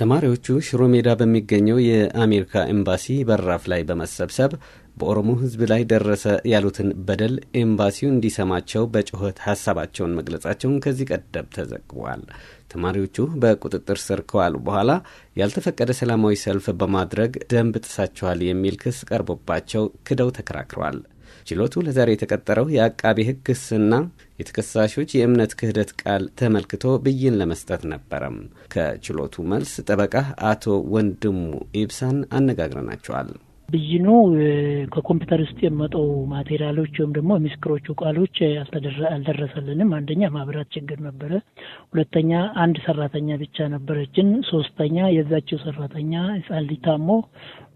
ተማሪዎቹ ሽሮ ሜዳ በሚገኘው የአሜሪካ ኤምባሲ በራፍ ላይ በመሰብሰብ በኦሮሞ ሕዝብ ላይ ደረሰ ያሉትን በደል ኤምባሲው እንዲሰማቸው በጩኸት ሀሳባቸውን መግለጻቸውን ከዚህ ቀደም ተዘግቧል። ተማሪዎቹ በቁጥጥር ስር ከዋሉ በኋላ ያልተፈቀደ ሰላማዊ ሰልፍ በማድረግ ደንብ ጥሳቸዋል የሚል ክስ ቀርቦባቸው ክደው ተከራክረዋል። ችሎቱ ለዛሬ የተቀጠረው የአቃቤ ህግ ክስና የተከሳሾች የእምነት ክህደት ቃል ተመልክቶ ብይን ለመስጠት ነበረም። ከችሎቱ መልስ ጠበቃ አቶ ወንድሙ ኢብሳን አነጋግረናቸዋል። ብይኑ ከኮምፒውተር ውስጥ የሚወጣው ማቴሪያሎች ወይም ደግሞ የምስክሮቹ ቃሎች አልደረሰልንም። አንደኛ ማብራት ችግር ነበረ። ሁለተኛ አንድ ሰራተኛ ብቻ ነበረችን። ሶስተኛ የዛችው ሰራተኛ ሕፃን ልጅ ታሞ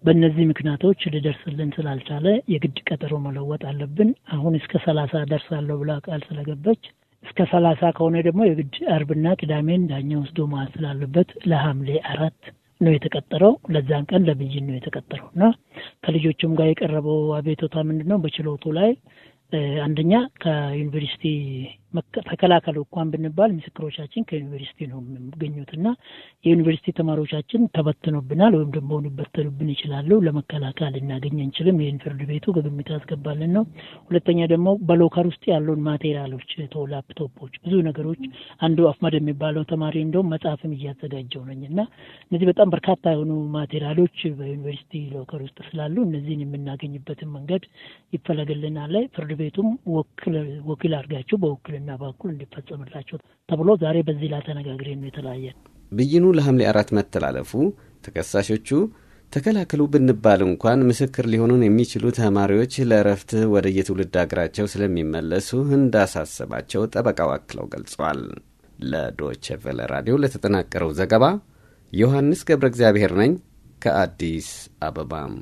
በእነዚህ ምክንያቶች ሊደርስልን ስላልቻለ የግድ ቀጠሮ መለወጥ አለብን። አሁን እስከ ሰላሳ ደርሳለሁ ብላ ቃል ስለገባች እስከ ሰላሳ ከሆነ ደግሞ የግድ አርብና ቅዳሜን ዳኛ ወስዶ መዋል ስላለበት ለሐምሌ አራት ነው የተቀጠረው። ለዛን ቀን ለብይን ነው የተቀጠረው እና ከልጆቹም ጋር የቀረበው አቤቶታ ምንድን ነው በችሎቱ ላይ አንደኛ ከዩኒቨርሲቲ ተከላከሉ እንኳን ብንባል ምስክሮቻችን ከዩኒቨርሲቲ ነው እና የዩኒቨርሲቲ ተማሪዎቻችን ተበትኖብናል ወይም ደግሞ ሊበተኑብን ይችላሉ። ለመከላከል ልናገኝ አንችልም። ይህን ፍርድ ቤቱ ከግምት ያስገባልን ነው። ሁለተኛ ደግሞ በሎከር ውስጥ ያለውን ማቴሪያሎች፣ ላፕቶፖች፣ ብዙ ነገሮች አንዱ አፍመድ የሚባለው ተማሪ እንደውም መጽሐፍም እያዘጋጀው ነኝ እና እነዚህ በጣም በርካታ የሆኑ ማቴሪያሎች በዩኒቨርሲቲ ሎከር ውስጥ ስላሉ እነዚህን የምናገኝበትን መንገድ ይፈለግልናል ፍርድ ቤቱም ወኪል አድርጋችሁ በውክልና በኩል እንዲፈጸምላቸው ተብሎ ዛሬ በዚህ ላይ ተነጋግረን ነው የተለያየን። ብይኑ ለሐምሌ አራት መተላለፉ ተከሳሾቹ ተከላከሉ ብንባል እንኳን ምስክር ሊሆኑን የሚችሉ ተማሪዎች ለእረፍት ወደ የትውልድ አገራቸው ስለሚመለሱ እንዳሳሰባቸው ጠበቃው አክለው ገልጿል። ለዶቼ ቬለ ራዲዮ ለተጠናቀረው ዘገባ ዮሐንስ ገብረ እግዚአብሔር ነኝ ከአዲስ አበባም